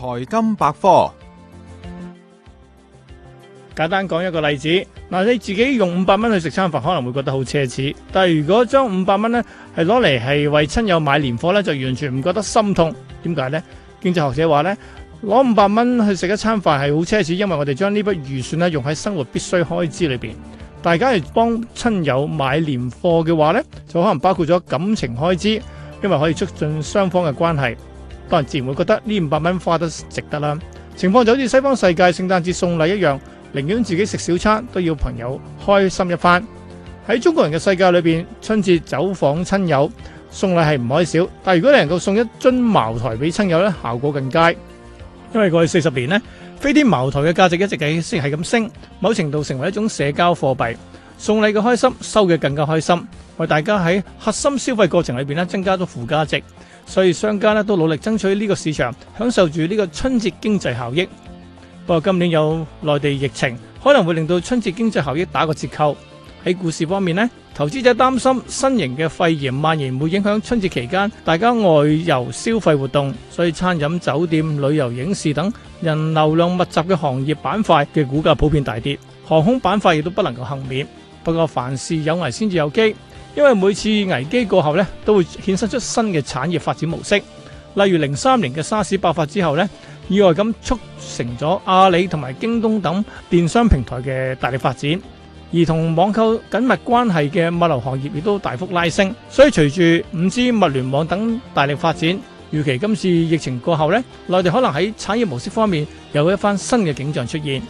財金百科，簡單講一個例子。嗱，你自己用五百蚊去食餐飯，可能會覺得好奢侈。但係如果將五百蚊咧，係攞嚟係為親友買年貨呢，就完全唔覺得心痛。點解呢？經濟學者話呢，攞五百蚊去食一餐飯係好奢侈，因為我哋將呢筆預算咧用喺生活必需開支裏邊。大家係幫親友買年貨嘅話呢，就可能包括咗感情開支，因為可以促進雙方嘅關係。當然自然會覺得呢五百蚊花得值得啦。情況就好似西方世界聖誕節送禮一樣，寧願自己食小餐，都要朋友開心一番。喺中國人嘅世界裏邊，春節走訪親友送禮係唔可以少。但係如果你能夠送一樽茅台俾親友咧，效果更佳。因為過去四十年咧，飛天茅台嘅價值一直係升，係咁升，某程度成為一種社交貨幣。送禮嘅開心，收嘅更加開心。為大家喺核心消費過程裏邊咧增加咗附加值，所以商家咧都努力爭取呢個市場，享受住呢個春節經濟效益。不過今年有內地疫情，可能會令到春節經濟效益打個折扣。喺股市方面咧，投資者擔心新型嘅肺炎蔓延會影響春節期間大家外遊消費活動，所以餐飲、酒店、旅遊、影視等人流量密集嘅行業板塊嘅股價普遍大跌。航空板塊亦都不能夠幸免。不過凡事有危先至有機。，因為每次危機過後咧，都會衍生出新嘅產業發展模式。例如零三年嘅沙士爆發之後咧，意外咁促成咗阿里同埋京東等電商平台嘅大力發展。而同網購緊密關係嘅物流行業亦都大幅拉升，所以隨住五 G、物聯網等大力發展，預期今次疫情過後咧，內地可能喺產業模式方面有一番新嘅景象出現。